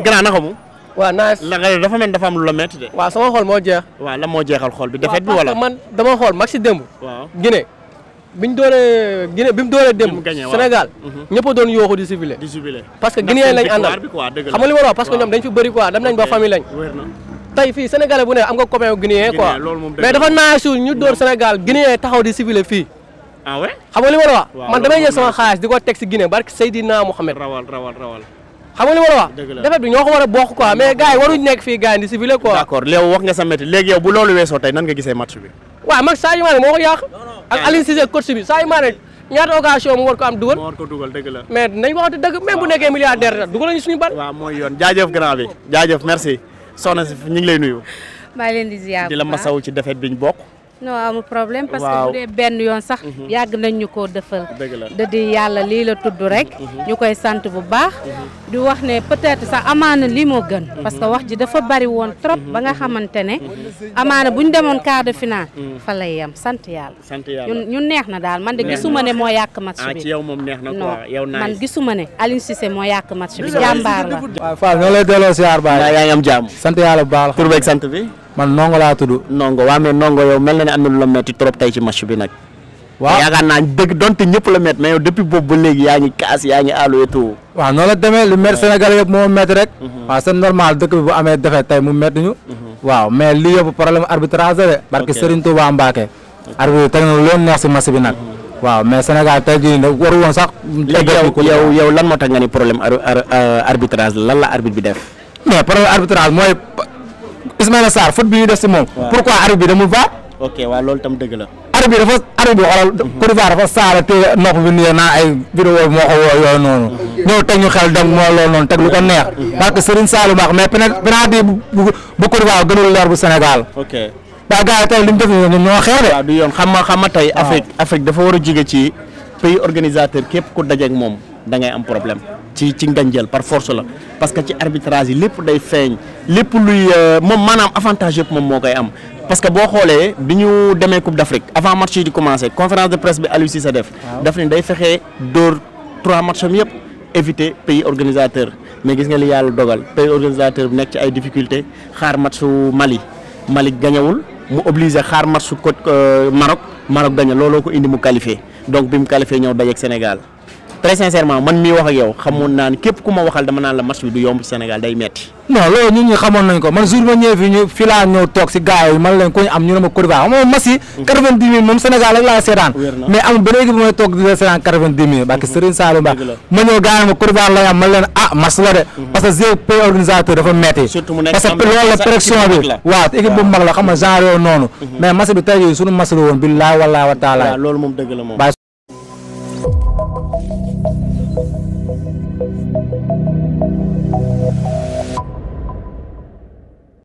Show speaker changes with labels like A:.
A: gannaaw naka mu. waaw nice la nga dafa mel dafa lu la métti de. waaw sama xol moo jeex. waaw la moo jeex xol bi defet bi wala. man dama xool maxi démb. waaw Guinée. biñ doole Guinée bi mu doole démb. Sénégal mhm. ñëpp a doon yooxu di jubilé. di lañ àndal. xam nga li ma wax ñoom dañ fi bëri quoi dem nañ ba famille lañ. tay fi sénégalais bu né am nga copain guinéen quoi mais dafa naasuul ñu door sénégal guinéen taxaw di civilé fi ah ouais xam nga li ma la wax man damay jël sama xaaliss diko tek ci guinéen Guinée barke Seydina mohammed rawal rawal rawal xam nga li ma la wax defet bi ñoko wara bokk quoi mais gaay waru waruñ nekk fii gars di civilé quoi d'accord léw wax nga sa metti légui yow bu lolu wéso tay nan nga gisé match bi wa mag Sadio Mané moo ko yàq ak Aliou Cissé coach bi Sadio Mané ñaar occasion mu war ko am dugal war ko dugal deug la mais nañ waxati deug même bu nekkee milliardaire dugal ñu suñu bal wa moy yoon jaajeuf grand bi jaajeuf merci soxna si ñu ngi lay nuyoo maa leen di ziar di la masawu ci defet biñ bokk. non amul problème parce que bu dee benn yoon sax yàgg nañ ñu koo defal da yàlla lii la tudd rek ñu koy sant bu baax di wax ne peut-être sax amaana lii moo gën parce que wax ji dafa bari woon trop ba nga xamante ne amaana bu ñu demoon quart de finale fa lay yem sant yàlla ñun neex na daal man de gisuma ne moo yàq match bi ci moom neex na quoi man gisuma ne Aliou Cissé moo yàq match bi jàmbaar la waaw
B: Fall ñoo lay delloo siyaar baay yaa ngi am jàmm sant yàlla bu baax tur beeg sant bi man nongo laa tudd. nongo waaw mais nongo yow mel na ne am na lu la metti
A: trop tey ci match bi nag. waaw yaakaar naa dëgg ba léegi yaa ngi kaas yaa mhm.
B: bi bu amee defet tey mu met ñu. Mhm. waaw mais problème arbitrage la de. barke Serigne Touba Mbacke. arbitre teg na
A: mhm. arbitrage lan la arbitre bi def.
B: mais problème arbitrage mooy. Ismaïla Sarr faute bi ñu def si moom. pourquoi arbitre bi demul VAR. ok
A: waaw loolu tam dëgg
B: la. arbitre bi dafa arbitre bi xoolal. Côte d'Ivoire dafa saara te nopp bi nii naa ay vidéo moo ko woo yooyu moo loolu noonu teg neex. parce que Serigne Saliou baax mais penalty bu bu bu Côte bu Sénégal. ok waaw gars yi tey li ñu def ñoom xew
A: yoon xam nga xam nga tey. Afrique Afrique dafa war a jóge ci pays organisateur képp ku dajeeg moom da am problème. ci ci par force la parce que ci arbitrage yi lépp day feeñ lépp luy euh, moom manam avantage yëpp moom moo am parce que boo xoolee bi ñu Coupe d'Afrique avant match yi commencer conférence de presse bi Aliou Cissé def daf ne day trois matcham mieux éviter pays organisateur mais gis nga li yàlla dogal pays organisateur bi nekk ci ay difficulté xaar matchu Mali Mali gañawul mu obligé xaar matchu au euh, Maroc Maroc gagne looloo ko indi mu qualifié donc bi mu qualifié ñëw Sénégal man mii wax ak xamoon naa ne képp ma waxal dama naan la match bi du yomb Sénégal day metti
B: non loolu ñun ñi xamoon nañ ko man jour ma ñëwee fii ñu toog si gars yi man leen ko ñu am ñu ne ma Côte d'Ivoire mm-hmm. moom mm-hmm. ma ñëw gars ma ah, de mm-hmm. parce que GP organisateur dafa metti parce que loolu la pression bi waaw équipe bu mag la xam nga genre noonu mais match bi tey jii suñu match la woon billaahi wallaahi wa taala